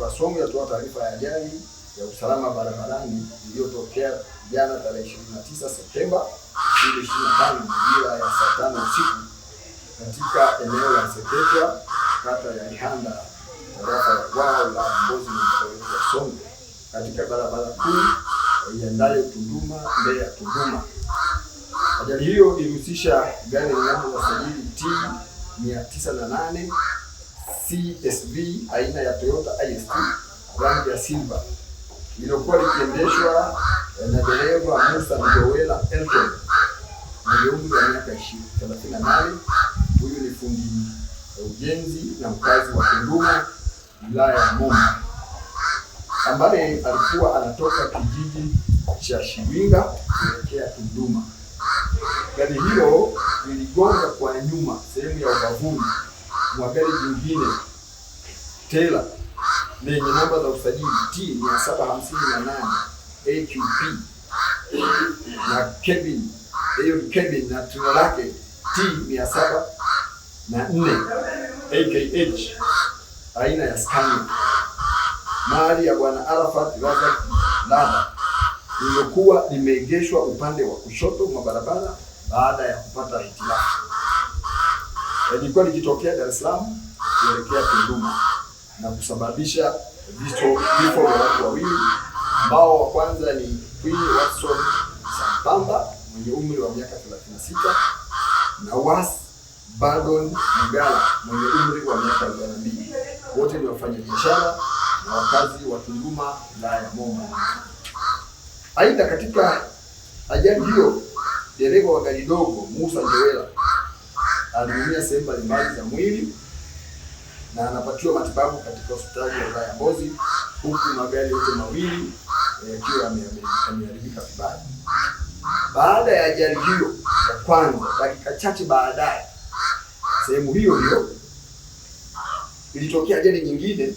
Twasongwe yatoa taarifa ya ajali ya usalama barabarani iliyotokea jana tarehe 29 Septemba 2025 majira ya saa tano usiku katika eneo la Sepetua kata ya Ihanda tarafa ya Bwawa la Mbozi mkoani Songwe katika barabara kuu iendayo Tunduma mbele ya Tunduma. Ajali hiyo ilihusisha gari lenye namba ya usajili T 908 CSV aina ya Toyota IST rangi ya silver iliyokuwa likiendeshwa eh, na dereva Musa mjowela Elton mwenye umri wa miaka 38. Huyu ni fundi eh, ujenzi na mkazi wa Tunduma, wilaya ya Momba, ambaye alikuwa anatoka kijiji cha Shiwinga kuelekea Tunduma. Gari hilo liligonga kwa nyuma sehemu ya ubavuni gari jingine tela lenye namba za usajili T 758 AQP na Kevin hiyo Kevin na tuna lake T 704 AKH aina ya Scania mali ya Bwana Arafat Razak Lada lililokuwa limeegeshwa upande wa kushoto mwa barabara baada ya kupata hitilafu nilikuwa nikitokea Dar es Salaam kuelekea Tunduma na kusababisha vifo vya watu wawili ambao wa kwanza ni Queen Watson Sampamba mwenye umri wa miaka 36 na Was Badon Mgala mwenye umri wa miaka 42. Wote ni wafanyabiashara na wakazi wa Tunduma wilaya ya Momba. Aidha, katika ajali hiyo dereva wa gari dogo Musa Njewela aliumia sehemu mbalimbali za mwili na anapatiwa matibabu katika hospitali ya wilaya ya Mbozi, huku magari yote mawili eh, yakiwa yameharibika vibaya. Baada ya ajali hiyo ya kwanza, dakika chache baadaye, sehemu hiyo hiyo ilitokea ajali nyingine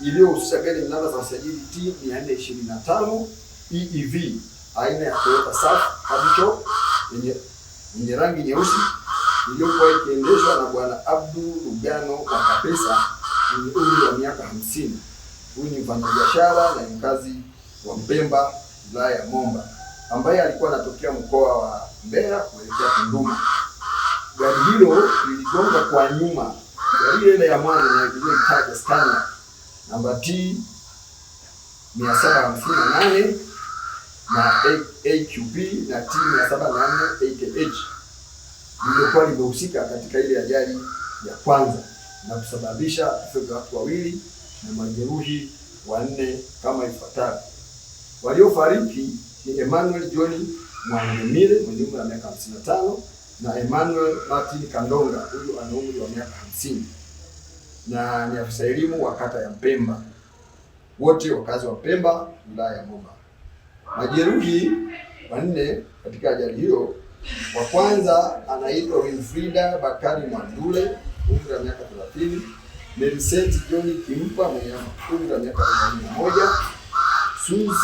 iliyohusisha gari namba za usajili T 425 EEV aina ya Toyota Surf Cabrio yenye rangi nyeusi iliyokuwa ikiendeshwa na Bwana Abdu Rugano wa Kapesa mwenye umri wa miaka hamsini. Huyu ni mfanyabiashara na mkazi wa Mpemba, wilaya ya Momba, ambaye alikuwa anatokea mkoa wa Mbeya kuelekea Tunduma. Gari hilo liligonga kwa nyuma gari ile ya mwana inayoitwa Scania namba T 758 na AQB na T 748 AKH lilikuwa limehusika katika ile ajali ya kwanza na kusababisha vifo vya watu wawili na majeruhi wanne kama ifuatavyo. Waliofariki ni Emmanuel John Mwangemile mwenye umri wa miaka 55 na Emmanuel Martin Kandonga, huyu ana umri wa miaka 50 na ni afisa elimu wa kata ya Mpemba, wote wakazi wa Mpemba, wilaya ya Moba. Majeruhi wanne katika ajali hiyo wa kwanza anaitwa Winfrida Bakari Mwandule, umri wa miaka 30, Melisenti John Kimpa mwenye umri wa miaka 31 Sus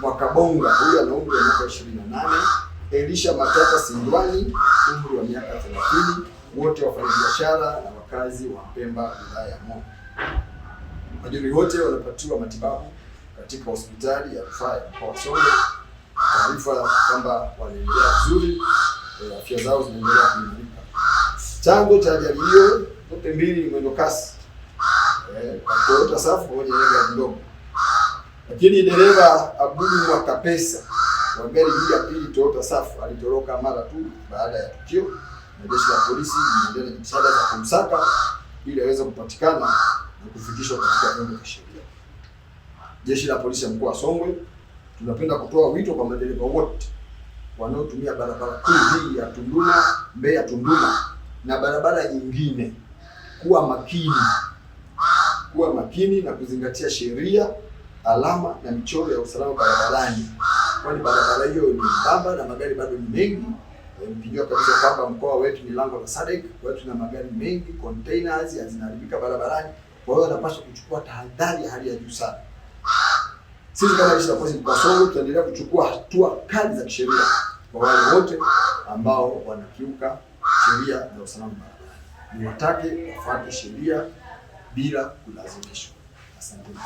Mwakabonga huyu ana umri wa miaka 28, Elisha Matata Sindwani umri wa miaka 30, wote wafanyabiashara na wakazi wa Pemba wilaya ya Mo. Majeruhi wote wanapatiwa matibabu katika hospitali ya rufaa ya mkoa wa Songwe taarifa kwamba wanaendelea vizuri, eh, afya zao zinaendelea kuimarika. Chanzo cha ajali hiyo zote mbili ni mwendo kasi eh, kwa Toyota Surf pamoja na gari ndogo, lakini dereva Abdul Mwakapesa wa gari hii ya pili Toyota safu alitoroka mara tu baada ya tukio, na jeshi la polisi linaendelea na jitihada za kumsaka ili aweze kupatikana na kufikishwa katika vyombo vya sheria. Jeshi la polisi ya mkoa wa Songwe tunapenda kutoa wito kwa madereva wote wanaotumia barabara kuu hii ya Tunduma Mbeya Tunduma na barabara nyingine kuwa makini, kuwa makini na kuzingatia sheria, alama na michoro ya usalama barabarani, kwani barabara hiyo ni baba na magari bado ni mengi. Eh, mkijua kabisa kwamba mkoa wetu ni lango la SADC, kwa hiyo tuna magari mengi, containers zinaharibika barabarani. Kwa hiyo wanapaswa kuchukua tahadhari ya hali ya juu sana. Sisi kama jeshi la polisi Mpasoro tutaendelea kuchukua hatua kali za kisheria kwa wale wote ambao wanakiuka sheria za usalama barabarani. Niwatake wafuate sheria bila kulazimishwa. Asanteni.